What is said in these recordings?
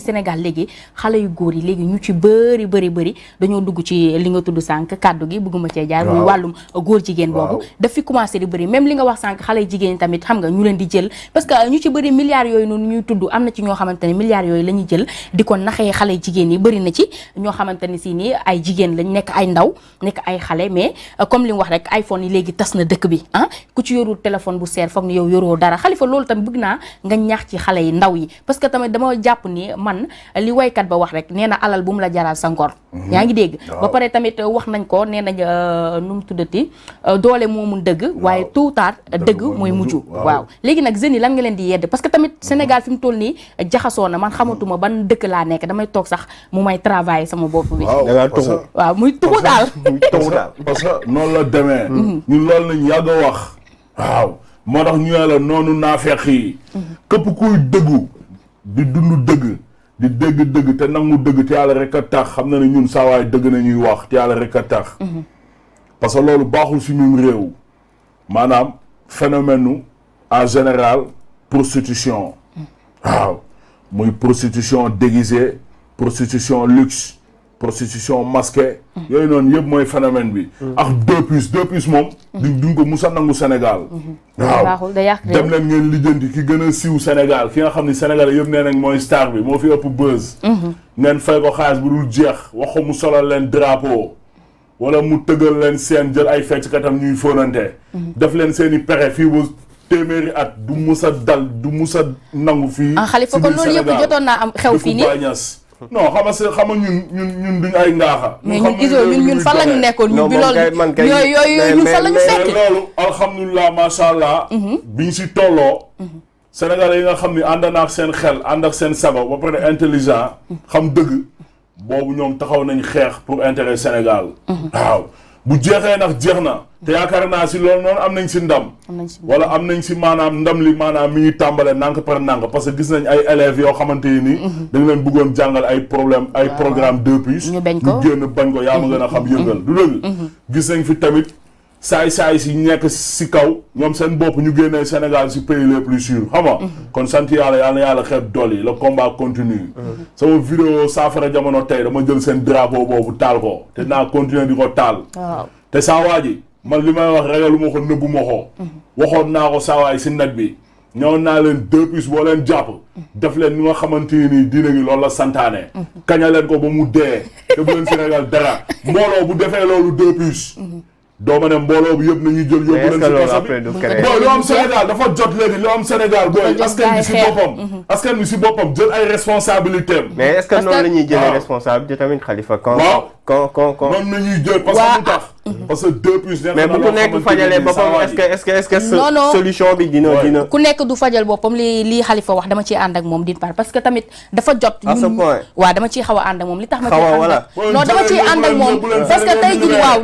ni Sénégal léegi xale yu góor yi léegi ñu ci bëri bëri bëri dañoo dugg ci li nga tudd sànq kàddu gi bëgguma cee jaar muy wàllum góor jigéen boobu dafa commencé di bëri même li nga wax sànq xale jigéen tamit xam nga ñu leen di jël parce que ñu ci bëri milliards yooyu noonu ñuy tudd am na ci ñoo xamante ne milliards yooyu la ñuy jël di ko naxee xale jigéen yi bëri na ci ñoo xamante ne si nii ay jigéen lañ nekk ay nekk ay xale mais euh, comme li mu wax rek iPhone yi léegi tas na dëkk bi ah ku ci yoru téléphone bu seer foog ne yow yoroo dara xalifa loolu tamit bëgg naa nga ñax ci xale yi ndaw yi parce tamit dama jàpp ni man li waykat ba wax rek nee na alal bu mu la jaral sa ngor mhm. yaa ngi dégg ba pare tamit euh, wax nañ ko nee nañ euh, nu mu tuddati euh, doole moo mun dëgg waaye tôt tard dëgg mooy mujj waaw léegi nag jeunes yi lan nga leen di yedd parce que tamit mhm. Sénégal fi mu toll nii jaxasoo na man xamatuma ban dëkk laa nekk damay toog sax mu may travailler sama bopp bi waaw muy tuxu daal parce que noonu la demee mhm. ñun loolu lañ yàgg a wax waaw moo tax ñu ne la noonu naafeq yi képp kuy dëggu di dund dëgg di dégg dëgg te mu dëgg te yàlla rek a tax xam na ne ñun saawaay dëgg na ñuy wax te yàlla rek a tax. Mhm. parce que loolu baaxul suñu réew. maanaam phénomène nu en général prostitution. Mhm. waaw muy prostitution déguisée prostitution luxe. prostitution masquée. yooyu noonu yëpp mooy phénomène bi. ak deux puces deux puces moom. duñ ko musa nangu Sénégal. waaw dem leen ngeen lijjanti ki gën a siiw Sénégal ki nga xam ni Sénégal yëpp nee nañ mooy star bi moo fi ëpp buzz. Mhm. ngeen fay ko xaalis bu dul jeex wax mu solal leen drapeau. wala mu tëggal leen seen jël ay fecckatam ñuy fóonante. Mhm. def leen seen i pexe fii ba téeméeri at du musa dal du musa nangu fii. xalifa ah, kon loolu yëpp jotoon naa am xew fii non xam nga si xam nga ñun ñun duñ ay ngaaxa. mais ñun iso ñun ñun fan la ñu nekkoon ñun bi loolu man kay yooyu yooyu ñun fan la ñu loolu alhamdulilah macha allah. Mhm. biñ si tolloo. Sénégalais yi nga xam ni ànd ak seen xel ànd ak seen sago ba pare intelligent. xam dëgg boobu ñoom taxaw nañu xeex pour intérêt Sénégal. Mhm. waaw. bu jeexee ndax jeex na te yaakaar naa si loolu noonu am nañ si ndam wala am nañ si maanaam ndam li maanaam mi ngi tàmbalee nànk par nànk parce que gis nañ ay élèves yoo xamante yi nii mhm. dañ leen bëggoon jàngal ay problème ay programme depuis ñu génn bañ ko yaa ma gën a xam mhm. yëngal mhm. du dëgg gis nañ fi tamit saay-saay si nekk si kaw ñoom seen bopp ñu génnee Sénégal si pays les plus sûrs xam mhm. kon sant yàlla yal na yàlla xeeb dool yi le combat continue mhm. sama vidéo saafara jamono tey dama jël seen drapeau boobu taal ko te naa continuer di ko taal te saa waa man li may wax ragalu ma ko nëbbu ma ko mhm. waxoon naa ko saawaay si net bi ñëw naa leen deux puces boo leen jàpp def leen ni nga xamante ni diine gi loolu la santaane kaña leen ko ba mu dee te bu leen Sénégal dara mbooloo bu defee loolu deux doo ma ne mbooloo bi yëpp nañu jël yóbbu leen si kaso bi booy lu am Sénégal jot léegi am Sénégal booy askan bi boppam mhm. askan bi si boppam jël ay responsabilité mais est-ce que noonu la ñuy jëlee ah. responsabilité tamit Khalifa quand quand quand noonu la ñuy jël parce que lu tax Mhm. parce que deux plus mais ku nekk solution bi dina dina. ku nekk du fajal boppam li li xalifa wax dama ciy ànd ak moom di par parce que tamit dafa jot. à ce dama ciy xaw a ànd moom li tax ma. xaw a voilà non dama ciy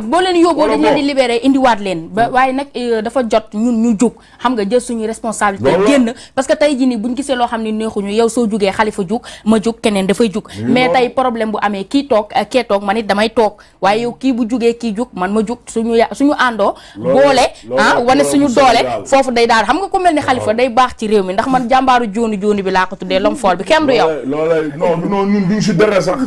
boo leen yóbboo dañ indiwaat leen ba mm-hmm. waaye nag euh, dafa jot ñun ñu jug xam nga jël suñu responsabilité génn parce que tey jii nii buñ gisee loo xam ne neexuñu yow soo jugee xalifa jug ma jug keneen dafay jug mais tey problème bu amee kii toog kee toog man it damay toog waaye yow kii bu jugee kii jóg man ma jug suñu ya suñu àndoo boole ah wane suñu doole foofu day daal xam nga ku mel ni xalifa day baax ci réew mi ndax man jàmbaaru jooni jooni bi laa ko tuddee lom fool bi kenn du yow si dara sax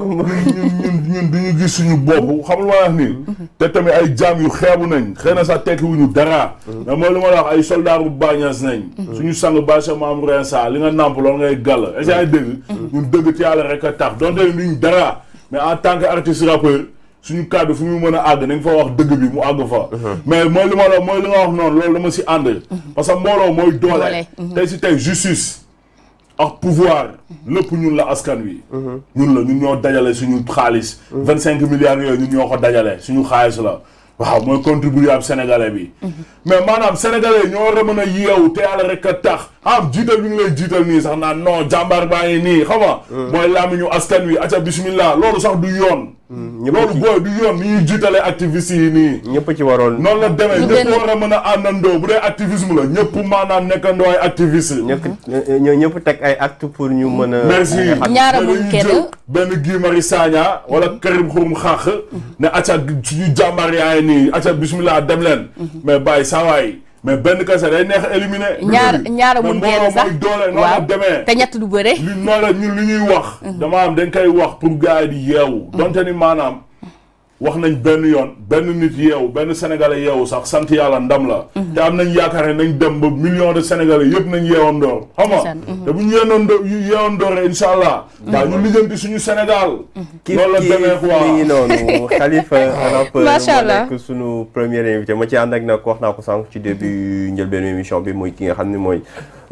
ñun gis suñu bopp xam lu ma wax nii mhm. te tamit ay jaam yu xeebu nañ xëy na sax tekki wuñu dara mais mhm. mooy lu ma la wax ay soldaaru bañas nañ mhm. suñu sang bâche maam rensa li nga nàmp loolu ngay gàll est-ce que ay dégg ñun dëgg ci yàlla rek a tax donte duñ dara mais en tant que artiste rappeur suñu kàddu fu mu mën a àgg nañ fa wax dëgg bi mu àgg fa. Uh-huh. mais mooy li ma la mooy li nga wax noonu loolu dama si ànd. Uh-huh. parce que mbooloo mooy doole. Uh-huh. tey si tey justice. ak pouvoir lépp ñun la askan wi. ñun la ñun ñoo dajale suñu xaalis. vingt cinq milliards yooyu ñun ñoo ko dajale suñu xaalis la. waaw mooy contribuable sénégalais bi. mais maanaam sénégalais ñoo war a mën a yeewu te yàlla rek a tax. xam jiital bi ñu lay jiital nii sax naan non jàmbaar baa ngi nii xam nga. Hmm. mooy làmmiñu askan wi acca bismillah loolu sax du yoon. Hmm, loolu booy du yoon ni ñu jiitalee activistes yi nii. ñëpp ci waroon noon la demee ñëpp war a mën a àndandoo bu dee activisme la ñëpp nekkandoo ay activistes. ñëpp ñëpp teg ay acte pour ñu mën a. Hmm. merci ñaara bu kenn benn Guy Marius wala Karim Xurum Xax ne acca suñu jàmbaar yaa ngi nii acca bismillah dem leen. mais bàyyi saa waay mais benn kese day neex a éliminé. ñaar ñaar mu génn sax doole noonu la demee. te ñett lu bëre. li noonu la ñun li ñuy wax. Mhm. dama am dañ koy wax pour gars yi di yeewu. Mhm. donte ni maanaam. wax nañ benn yoon benn nit yeewu benn sénégalais yeewu sax sant yàlla ndam la. Mhm. te am nañ yaakaar ne nañ dem ba million de sénégalais yëpp nañ yeewoon door. xam nga mhm. te bu ñu yeewoon allah. Mhm. daa suñu Sénégal. loolu la demee quoi kii noonu Khalifa Harap nekk suñu premier invité ma ci ànd ak nag wax naa ko sànq ci début njëlbeenu émission bi mooy ki nga xam ne mooy.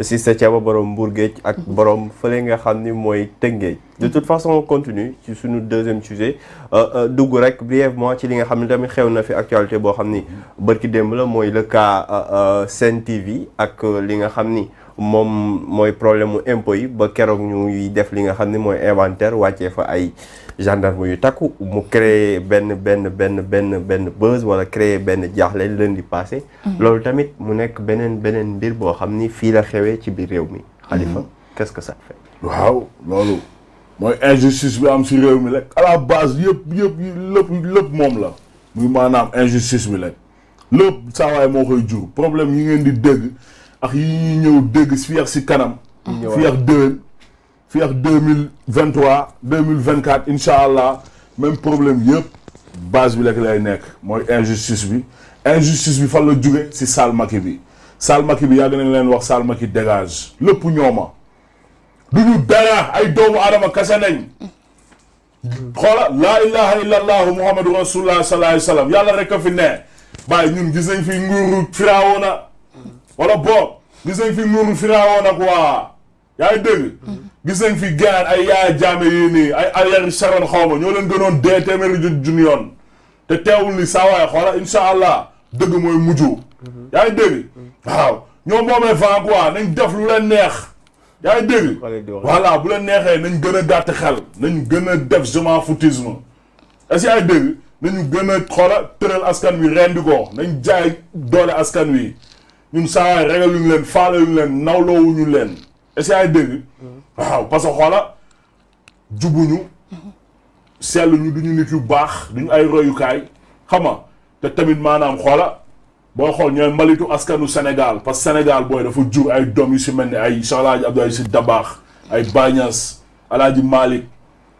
si sa Thiaba borom Mbourgéej ak mm-hmm. borom fële nga xam ni mooy Tëngéej de toute façon on continue ci suñu deuxième sujet euh, euh, dugg rek brièvement ci li nga xam ne tamit xew na fi actualité boo xam ni mm-hmm. bërki démb la mooy le cas euh, Sen TV ak li nga xam ni moom mooy problème mu impôt yi ba keroog ñuy def li nga xam ne mooy inventaire wàccee fa ay gendarme yu takku mu créer benn benn benn benn benn buzz wala créer benn jaaxle di passé mm-hmm. loolu tamit mu nekk beneen beneen mbir boo xam ni fii la xewee ci biir réew mi mm-hmm. Khalifa quest que ça fait waaw loolu mooy injustice bi am si réew mi rek à la base yëpp yëpp lépp lépp moom la muy maanaam injustice bi rek lépp saa moo koy jur problème yi ngeen di dégg ak yi ñuy ñëw dégg fii ak si kanam. Mm. fii ak deux fii ak deux mille vingt trois deux mille vingt quatre incha allah même problème yëpp base bi lekk lay nekk mooy injustice bi injustice bi fan la jóge si Sall bi salmaki Macky bi yàgg nañ leen wax Sall Macky dégage lépp ñooma du ñu dara ay doomu aadama kase nañ xoola laa ilaha illa allahu muhammadu rasulullah sallallahu alayhi wa sallam yàlla rek a fi ne bàyyi ñun gis nañ fi nguuru firawna wala boog gis nañ fi nguuru firaawoon ak waa yaa ngi dégg mhm. gis nañ fi gaan ay yaaya jaame yii nii ay aliyari sharon xawma ñoo leen gënoon dee téeméeri jun jun yoon te teewul ni saa waay xoola insha allah dëgg mooy mujj mhm. yaa ngi mhm. waaw ñoo moomee vent quoi nañ def lu leen neex yaa ngi dégg voilà bu leen neexee nañ gën a gàtt xel nañ gën a def je m'en foutisme est-ce nañu gën a xoola tëral askan wi rendi ko nañ jaay doole askan wi ñun saa ragaluñ leen faaleluñ leen nawloowuñu leen est-ce que ay dégg. Mm-hmm. waaw parce que xoola jubuñu. selluñu duñu nit yu baax duñu ay royukaay xam nga te tamit maanaam xoola boo xool ñooy mbalitu askanu senegal parce que Sénégal booy dafa jur ay doom yu si mel ni ay Cheikh Alaaji Abdoulaye Si Dabaax ay Bagnas Alaaji Malick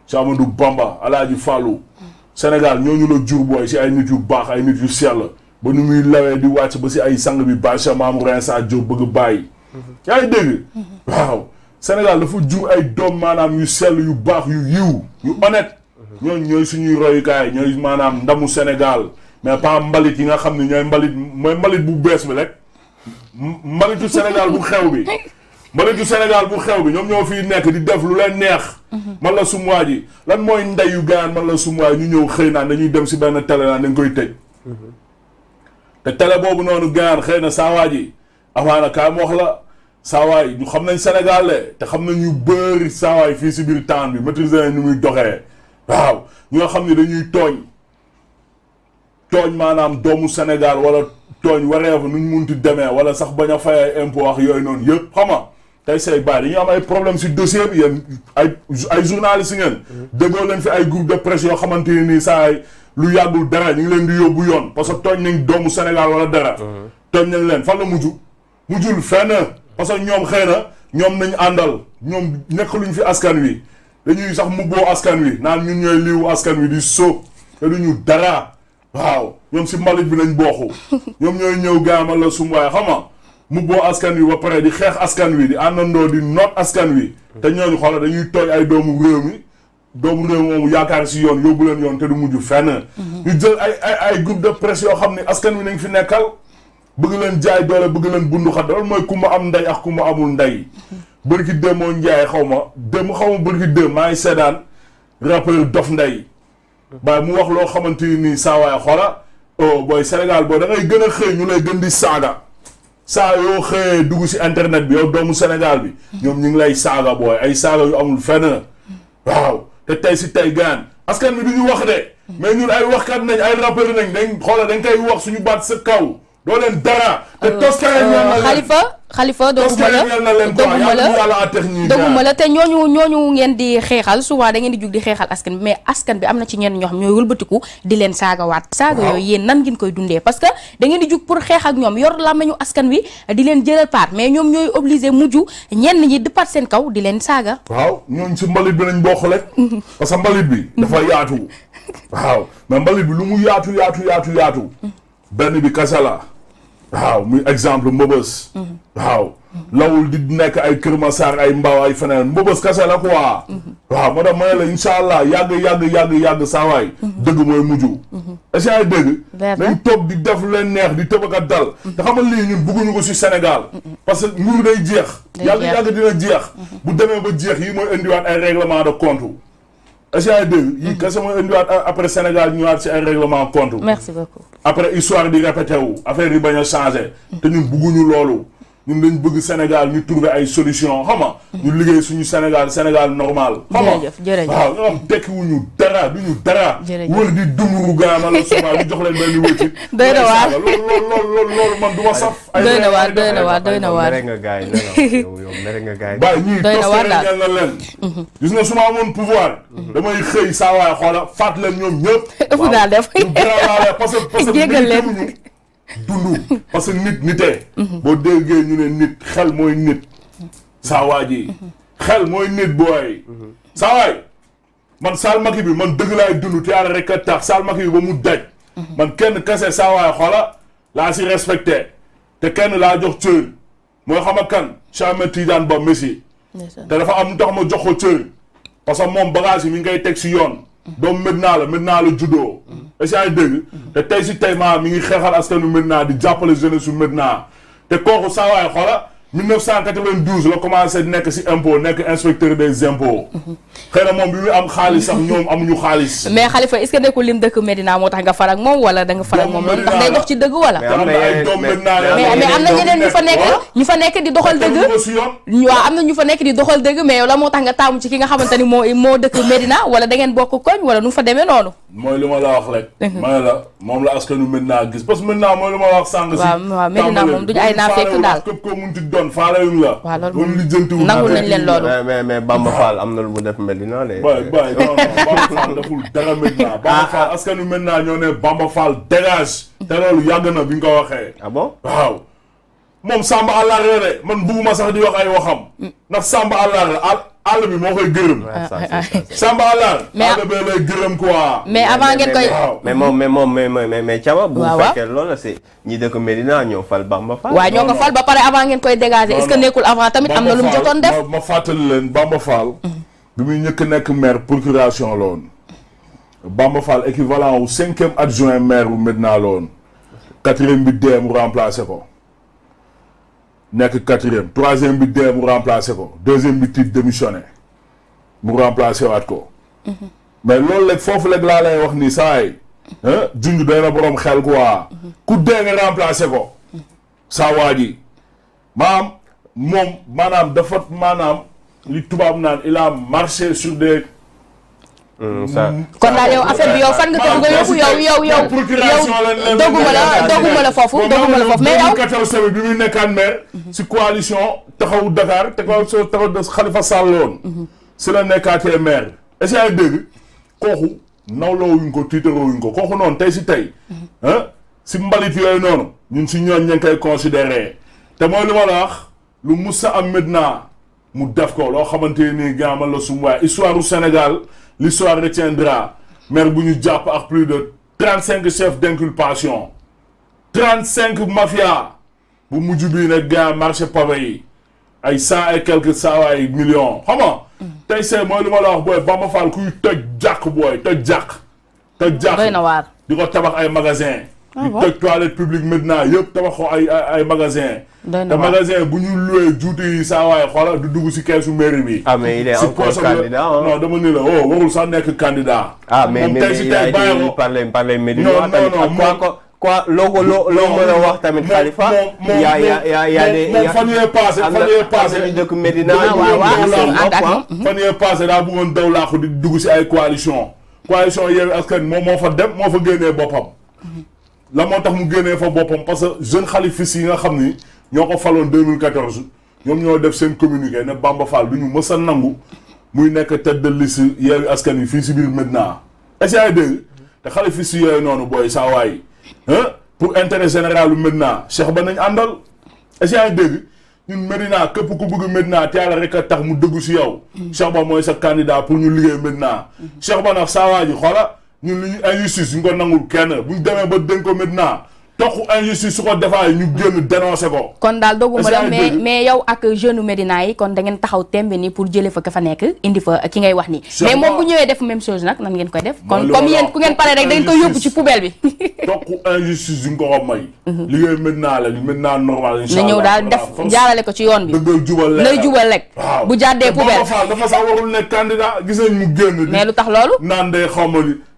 Cheikh Amadou Bamba Alaaji Fallou mm-hmm. Sénégal ñooñu la jur booy si ay nit yu baax ay nit yu sell ba nu muy lawee di wàcc ba si ay sang bi Bacha maam Rinsa Diop bëgg bàyyi. Mhm. yaa ngi dégg. Mhm. waaw Sénégal dafa jur ay doom maanaam yu sell yu baax yu yiw yu honnête. Mhm. ñoo ñooy suñuy royukaay ñooy maanaam ndamu Sénégal mais pas mbalit yi nga xam ne ñooy mbalit mooy mbalit bu bees bi rek. mbalitu Sénégal bu xew bi. mbalitu Sénégal bu xew bi ñoom ñoo fiy nekk di def lu leen neex. man la sumwaay yi lan mooy yu gaan man la sumwaay ñu ñëw xëy naan dañuy dem si benn télé dañ koy tëj. te télé boobu noonu gaar xëy na saawaay ji amaana kaay ma wax la saawaay ñu xam nañ Sénégal te xam nañ ñu bëri saawaay fii si biir taan bi maîtriser nañ ni muy doxee waaw ñoo xam ni dañuy tooñ tooñ maanaam doomu Sénégal wala tooñ wareef nu mu munti demee wala sax bañ a fay ay impôt wax yooyu noonu yëpp xam nga say baay dañuy am ay problème si dossier bi yéen ay ay ngeen. Mm-hmm. déggoo leen fi ay groupe de presse yoo xamante ni saa lu yàggul dara ñu ngi leen di yóbbu yoon parce que tooñ nañ doomu Sénégal wala dara. Uh-huh. tooñ nañ leen fan la mujj mujjul fenn parce que ñoom xëy na ñoom nañ àndal ñoom nekk luñ fi askan wi dañuy sax mubboo askan wi naan ñun ñooy liiwu askan wi di sóob te duñu dara waaw ñoom si mbalit bi lañ booxu ñoom ñooy ñëw gaamal la sum waaye xam nga mubboo askan wi ba pare di xeex askan wi di àndandoo di noot askan wi uh-huh. te ñooñu xoola dañuy tooñ ay doomu réew mi doomu réew moomu yaakaar si yoon yóbbu leen yoon te du mujj fenn. ñu mhm. jël ay ay ay de presse yoo xam ne askan wi nañ fi nekkal bëgg leen jaay doole bëgg leen bundu xat loolu mooy ku ma am ndey ak ku ma amul ndey. Mhm. bërki démb moo njaay xaw ma démb xaw ma bërki démb maa ngi seedaan Dof Ndeye waaye mu wax loo xamante nii saa waay xoola oh Sénégal boo da gën a xëy ñu lay gën di saaga saa yoo xëyee dugg si internet bi yow doomu Sénégal bi mhm. ñoom ñu ngi lay saaga booy ay saaga yu amul fenn waaw te tey si tey gaan askan bi du ñu wax de. mais ñun ay waxkat nañ ay rappeur nañ dañ xoola dañ koy wax suñu baat sa kaw doo leen dara. te toskaay ñaan na leen xalifa xalifa dooguma la dooguma la dooguma ñoo te ñooñu ñooñu ngeen di xeexal souvent da ngeen di jug di xeexal askan bi mais askan bi am na ci ñenn ñoo xam ñooy wëlbatiku di leen saagawaat saaga yooyu yéen nan ngeen koy dundee parce que da ngeen di jug pour xeex ak ñoom yor làmmiñu askan wi di leen jëlal part mais ñoom ñooy obligé mujj ñenn ñi dëppaat seen kaw di leen saaga waaw ñooñ si mbalit bi lañ bokk rek parce que mbalit bi dafa yaatu waaw mais mbalit bi lu mu yaatu yaatu yaatu yaatu benn bi kasa waaw mu exemple Mbëbës. waaw lawul di nekk ay Kër Masar ay Mbaaw ay feneen Mbëbës kese la quoi. waaw ma dem ma la incha allah yàgg yàgg yàgg yàgg saawaay. dëgg mooy mujj. est ce dëgg. nañ toog di def leen neex di tëb ak dal. te xam nga lii ñun bëgguñu ko si Sénégal. parce que nguur day jeex. day jeex yàgg yàgg dina jeex. bu demee ba jeex yi mooy indiwaat ay règlement de compte. SAD yi kese mooy indiwaat euh, après Sénégal ñëwaat si ay règlement compte. merci beaucoup après histoire di répété wu affaire yi bañ a changé. te ñun bëgguñu loolu. ñun dañ bëgg Sénégal ñu trouver ay solution xam nga. ñu liggéey suñu Sénégal Sénégal normal. xam nga waaw ñoom tekkiwuñu dara du ñu dara. wër di dundu gaama la damay xëy saa xoola faat leen ñoom ñëpp. ëpp naa def waaw que parce que nit nitee mhm. boo déggee ñu ne nit xel mooy nit mhm. saawaay ji mhm. xel mooy nit booy saawaay man Saal Maki bi man dëgg laay dund te yàlla rek a tax Saal Maki bi ba mu daj. Mhm. man kenn kese saa waay xoola laa si respecté te kenn laa jox cër mooy xam a kan Cheikh Tidiane Ba Messi. te dafa am tax ma jox ko cër parce que moom bagage yi mi ngay teg si yoon. Mhm. doomu Medina la Medina la juddoo. a mhm. ce que dégg. te tey si tey maa mi ngi xeexal askanu Medina di jàppale jeunesse su Medina te kooku saa waay xoola. 1992 la commencé nekk ci impôt nekk inspecteur des impôts. xëy na moom bi muy am xaalis sax ñoom amuñu xaalis. mais Khalifa est nekkul lim dëkk Medina moo tax nga farak moom wala da nga farak moom tax day dox ci dëgg fa nekk ñu fa nekk di doxal waaw am na ñu fa nekk di doxal dëgg mais yow moo tax nga taamu ci ki nga xamante ni moo moo dëkk Medina wala da ngeen bokk koñ wala nu mu fa demee noonu. mooy li ma la wax rek. ma la moom la askanu Medina gis parce que Medina mooy lu ma la wax sànq si. waaw waaw Medina moom duñu ay naafeq daal képp koo munti doon faale yu la. waaw loolu moom lijjantiwul nangul nañ leen loolu. mais mais mais Bamba am na lu mu def Medina de. bay bay non non Bamba Fall deful dara Medina. Ah, Bamba ah. Fall askanu Medina ñoo ne Bamba Fall dégage. te loolu yàgg ko waxee. ah bon waaw. moom man bugguma sax di wax ay waxam. Mm. ndax Samba àllaare al. àll bi moo koy gërëm. Samba àll. mais àll bee lay gërëm quoi. mais avant ngeen koy. mais moom mais moom mais mais mais Thiaba. bu fekkee loolu c'est ñi dëkk Medina ñoo fal Bamba Fall. waaw ñoo ko fal ba pare avant ngeen koy dégager est-ce que nekkul tamit am na lu mu jotoon ma fàttali leen Bamba Fall. Mhm. bi muy njëkk nekk maire procuration la woon. Bamba Fall équivalent wu cinquième adjoint maire bu Medina la woon. quatrième bi deem remplacé ko. nekk quatrième troisième bi dee mu remplacé ko deuxième bi tiit démissionné mu remplacé waat ko. mais loolu léegi foofu léegi laa lay wax ni saa yi. junj doy na boroom xel quoi. ku dee nga remplacé ko. saa waa ji maam moom maanaam dafa maanaam li tubaab naan il a marché sur des. Euh, kon daal yow affaire bi yow fan nga ko bëgg a yóbbu yow yow yow yow dogguma la dogguma foofu dogguma la foofu mais yow bi muy nekkaan maire si coalition taxaw Dakar te coalition taxaw de Khalifa Sall la woon si la nekkaatee maire est-ce que yaa dégg kooku nawloo ko tiitaroo wuñ ko kooku noonu tey si tey si mbalit yooyu noonu ñun si ñooñ ña ngi koy considéré te mooy lu ma la wax lu Moussa am maintenant mu def ko loo xamante nii gaamal la sumu waaye histoire Sénégal l'histoire dra maire bu ñu jàpp ak plus de trente cinq chefs d'inculpation trente cinq mafia bu mujj bii nag gars marché pavé yi ay cent et quelques cent ay millions xam nga tey see mooy lu ma la wax booy Bamba Fall kuy toj jàkk booy toj jàkk toj jàkk doy na waar di ko tabax ay magasin ah waaw toj toilette publique maintenant yëpp tabaxoo ay ay magasin te magasin bu ñu loué juuti yi saa waay xoola du dugg si keesu mairie bi. ah mais il est encore candidat non dama ni la oh warul sax nekk candidat. ah mais mais il a été parlé parlé Médina tamit ak quoi quoi. quoi loo ko loo loo mën a wax tamit Khalifa. moom yaa yaa yaa de moom fan yee paase fan yee paase. am dëkk Médina waaw waaw fan yee paase daa bëggoon daw laaxu di dugg si ay coalition coalition Yewwi Askan moom moo fa dem moo fa génnee boppam. la moo tax mu génnee fa boppam parce que jeune xalifis yi nga xam ni ñoo ko faloon 2014 ñoom ñoo def seen communiqué ne Bamba Fall bi ñu mës a nangu muy nekk tête de liste Yewwi Askan Wi fii si biir Médina est-ce que dégg te xalifis yooyu noonu booy saa waay pour intérêt général lu Médina Cheikh Ba nañ àndal est-ce que dégg ñun Médina képp ku bëgg Médina te yàlla rek a tax mu dëggu si yow. Cheikh Ba mooy sa candidat pour ñu liggéey Médina. Cheikh Ba nag saa waay ji ñun li ñu injustice ñu ko nangul kenn bu ñu demee ba dénk ko maintenant toq injustice su ko defaay ñu génn dénoncé ko. kon daal dogguma la mais mais yow ak jeune Medina yi kon da taxaw tembe ni pour jëlee fa ka fa nekk indi fa ki ngay wax ni mais moom bu ñëwee def même chose nag nan ngeen koy def. kon comme yéen ku ngeen paree rek da ngeen koy yóbbu ci poubelle bi. toq injustice yi nga ko may. Mhm. liggéey Medina la Medina normal. incha ñëw daal def jaarale ko ci yoon bi. dëgg jubal lekk lay jubal lekk.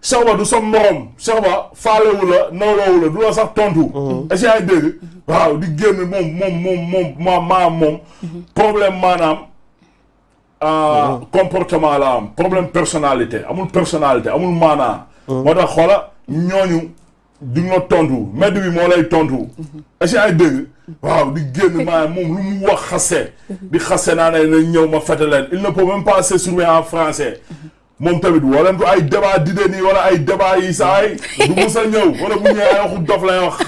Cheikh Ba du sa morom Cheikh Ba faalewu la nawloowu la du la sax tontu. Mhm. est-ce dégg. waaw di génn moom moom moom moom ma maam moom. Mhm. problème maanaam. Ah, mhm. comportement la am problème personnalité amul personnalité amul maanaa. moo tax xoola ñooñu di nga tontu medd bi moo lay tontu. est-ce dégg. waaw di génn maanaam moom lu mu wax xase. di xase naa ne ñëw ma fëte leen il ne peut même pas s'exprimer en français. moom tamit woo leen ko ay débat d'idée nii ay débat yi saay du mus a ñëw wala bu ñëwee ay waxu dof lay wax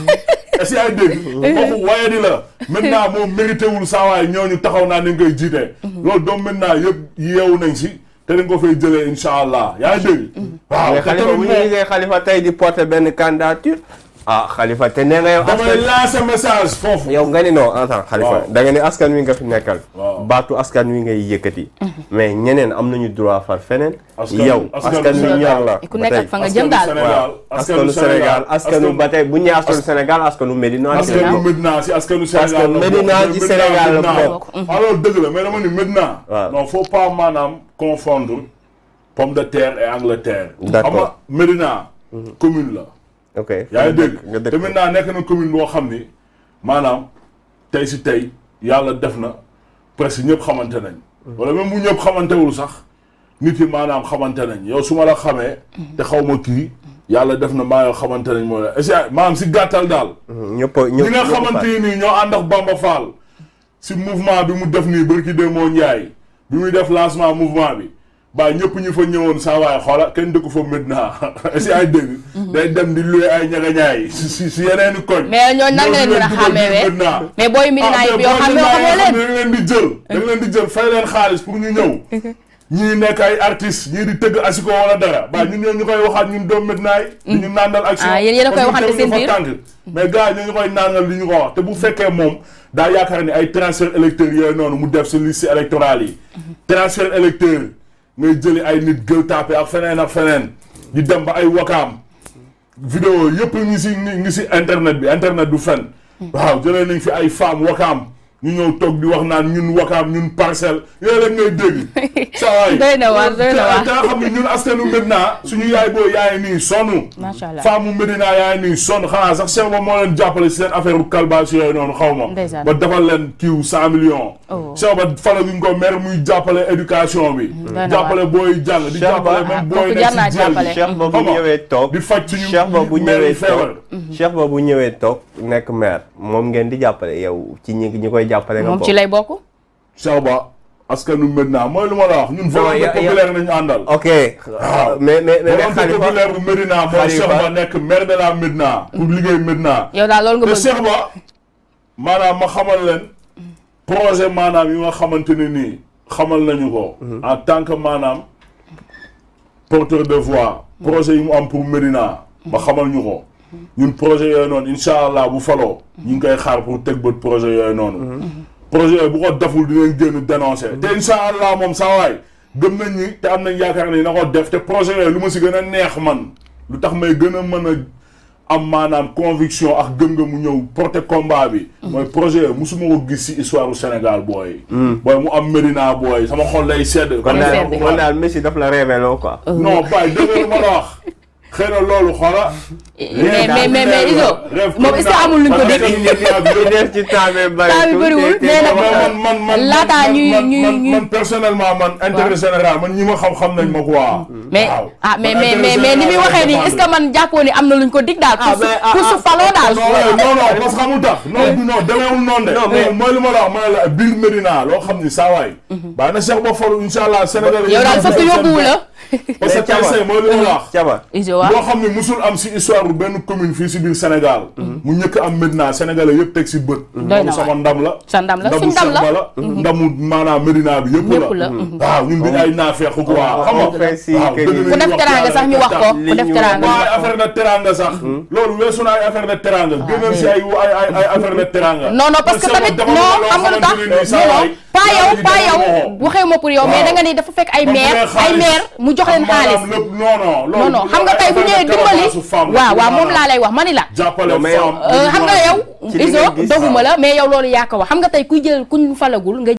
est ay dégg waxu waye di la maintenant moom mérité wul saawaay ni taxaw naa nañ koy jiitee mhm. loolu doom maintenant yëpp yeewu nañ si te dañ ko fay jëlee incha allah yaa ngi dégg mhm. waaw xalifa bu ñu xalifa tey di porter benn candidature ah xalifa te nee nga yow. nga ni non attends xalifa da nga ne askan wi nga fi nekkal. baatu askan wi ngay yëkkati. Mhm. mais ñeneen am nañu droit far feneen. yow askan wi ñor la. ku nekk ak fa Sénégal askanu ba tey bu ñu nee askanu Sénégal askanu Medina. askanu Medina si askanu Sénégal Sénégal la bokk. Mhm. alors dëgg la mais dama ni Medina. waaw non faut pas maanaam confondre pomme de terre et Angleterre. d'accord mhm. commune la. ok yaa ngi dégg te maintenant nekk na commune boo xam ni maanaam tey si tey yàlla def na presque ñëpp xamante nañ. Hmm. wala même bu ñëpp xamantewul sax nit yi maanaam xamante nañ yow su ma la xamee. Hmm. te xaw ma kii. yàlla def na maa yoo xamante nañ mooy la est maanaam si gàttal daal. Hmm, ñëpp ñi nga xamante ni ñoo ànd ak Bamba Fall. si mouvement bi mu def nii barki moo Ndiaye bi muy def lancement mouvement bi. baa ñëpp ñu fa ñëwoon saa waay xoola kenn dëkku fa Medina si ay dégg. Mhm. day dem di loué ay ñagañaay si si si yeneen i koñ. mais ñooñu nan a xàmmee mais ah, di jël. Eh. da leen di jël fay leen xaalis pour ñu ñëw. nekk ay artistes ñii di tëgg asiko wala dara. ba ñun ñoo ñu koy waxaat ñun doomu Medina yi. Mm. ñu nàndal action ah yéen yéen a koy waxante seen mm. mais gars yi ñoo koy nàndal li ñu ko wax te bu fekkee moom. daa yaakaar ni ay transfert électeurs yooyu noonu mu def si liste électorale yi mm-hmm. transfert électeur ngay jëli ay nit gël tapé ak feneen ak feneen di dem ba ay wakaam vidéo yëpp ngi si ngi si internet bi internet du fen hmm. waaw jëlee nañ fi ay femme wakaam ñu ñëw toog di wax naan ñun wakaam ñun parcelle yooyu leen ngay dégg. saa waay doy na waar doy na waar te xam ne ñun askanu Medina suñu yaay boo yaay nii sonn. macha allah Medina yaay nii sonn xanaa sax Cheikh ba moo leen jàppale si seen affaire kalbaas yooyu noonu xaw ma. ba defal leen kiiw cent ba faral ñu ko mer muy jàppale éducation bi. Mm-hmm. jàppale booy jàng di jàppale même booy nekk si jël bi. Cheikh ba bu ñëwee toog nekk maire moom ngeen di jàppale yow ci ñi jàppale nga bokk moom ci lay bokk. Saba askanu Medina mooy lu ma la wax ñun. volonté populaire nañu àndal. ok ah, mais mais mais Khalifa populaire bu Medina mooy Ba nekk maire de la Medina. pour liggéey Medina. yow daal loolu nga bëgg maanaam ma xamal leen projet maanaam yi nga xamante ne nii xamal nañu ko. Mhm. en tant que maanaam porteur de voix. projet yi mu am pour Medina. ma xamal ñu ko. ñun projet yooyu noonu incha allah bu faloo. ñu ngi koy xaar pour teg bët projet yooyu noonu. Mm-hmm. Mm-hmm. projet yooyu bu ko daful dinañ génn dénoncé. Mm-hmm. te incha allah moom saa waay gëm nañ ni te am nañ yaakaar ni na ko def te projet yooyu lu ma si gën a neex man lu tax may gën a mën a am maanaam conviction ak gën gëm mu ñëw porté combat bi. mooy projet yooyu musuma ko gis si histoire u Sénégal booy. Mm. booy mu am Medina booy sama xol lay sedd. kon daal Messi daf la révélé xëy na loolu xoola. Eh, mais mais mais Izo. moom est-ce que amul luñ ko dégg. ci temps bi bëriwul mais nag man man laataa ñuy ñuy man personnellement man. intérêt général man ñi ma xam xam nañ ma quoi. Mm. waaw mais ah mais mais mais ni muy waxee nii est-ce que man jàppoo ni am na luñ ko dig daal. ah mais ah pour su ah. faloo daal. non non parce que xamul tax. non non demeewul noonu de. non mais mooy lu ma la wax ma ne la biir Medina loo xam ni saa waay. Mhm. baax na Cheikh Ba Fall incha allah Sénégal. yow daal foofu yóbbuwu la. parce que tey mooy li ma wax. caba boo xam ne musul am si histoire bu benn commune fii si biir Sénégal. Mhm. mu ñëkk am maintenant sénégalais yëpp teg si bët. Mhm. doy sama ndam la. sa ndam la suñu ndam la mhm. ndamu maanaam Medina bi yëpp la. waaw ñun dañu ay naafeex quoi. xam nga def teranga sax ñu wax ko ku def teranga. waaw si ay ay ay affaire de parce que tamit non xam nga lu tax non pas yow pas pour yow mais da nga ni dafa fekk ay maire ay maire mu jox leen xaalis non non non xam nga tey bu ñëwee dimbali waaw waaw moom laa lay wax ma ni la euh, xam nga yow iso doguma la mais yow loolu yaa ko wax xam nga tey kuy jël kuñ falagul nga